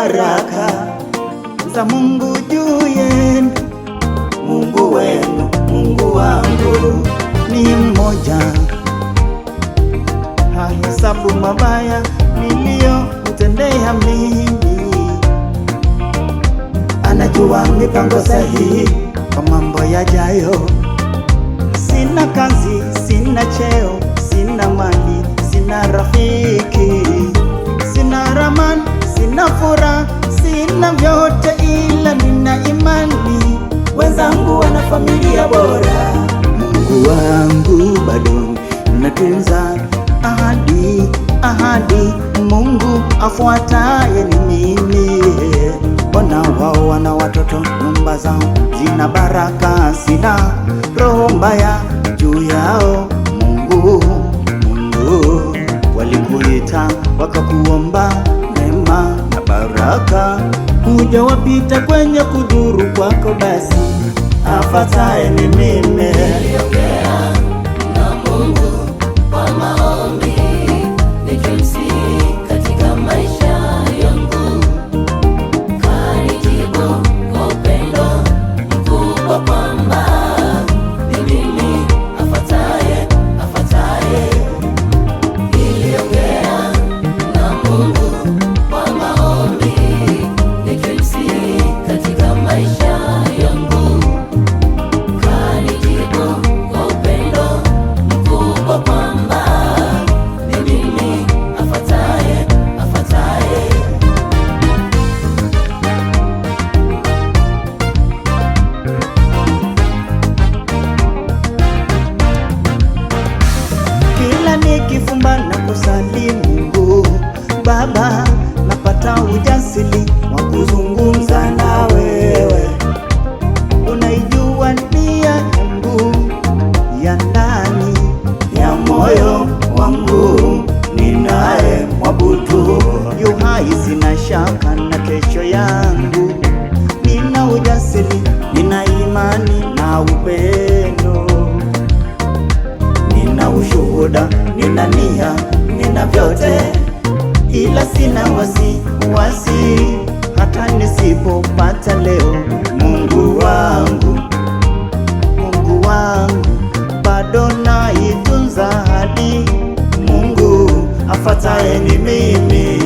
baraka za Mungu juu yenu. Mungu wenu, Mungu wangu ni mmoja, hahesabu mabaya niliyo kutendea mimi. Anajua mipango sahihi kwa mambo yajayo. Sina kazi, sina cheo, sina mali, sina rafiki, sina ramani, sina furaha wangu wana familia bora. Mungu wangu bado natunza ahadi, ahadi Mungu afuataye ni mimi. Ona wao wana watoto, nyumba zao zina baraka, sina roho mbaya juu yao. Mungu, Mungu walikuita wakakuomba mema na baraka, hujawapita kwenye kudhuru kwako basi afadhaye ni mimi. ujasiri wa kuzungumza na wewe. Unaijua nia yangu ya ndani ya moyo wangu, ninaye mwabudu yu hai, sina shaka na kesho yangu. Nina ujasiri, nina imani na upendo, nina ushuhuda, nina nia, nina vyote, ila sina wasi wasiwasi, hata nisipopata leo. Mungu wangu, Mungu wangu, bado naitunza hadi Mungu afataye ni mimi.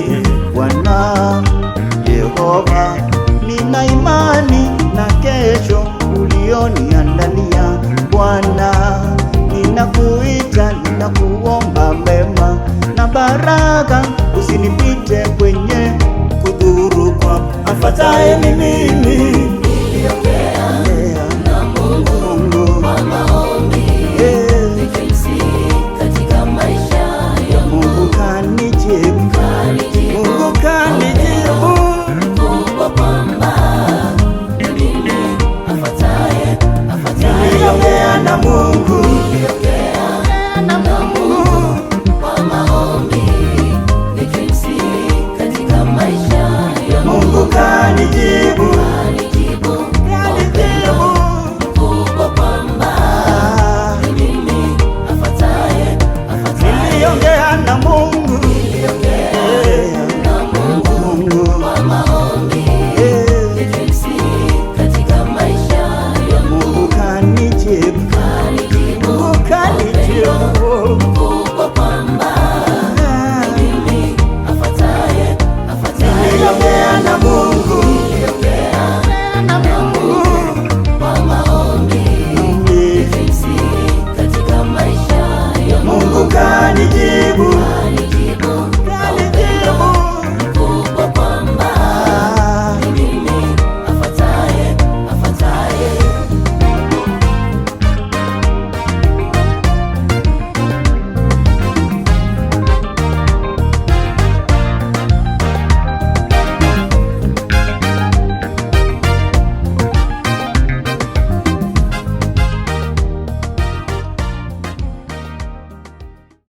Bwana Yehova, nina imani na kesho ulioniandalia. Bwana, ninakuita, ninakuomba mema na baraka usinipite. time in me.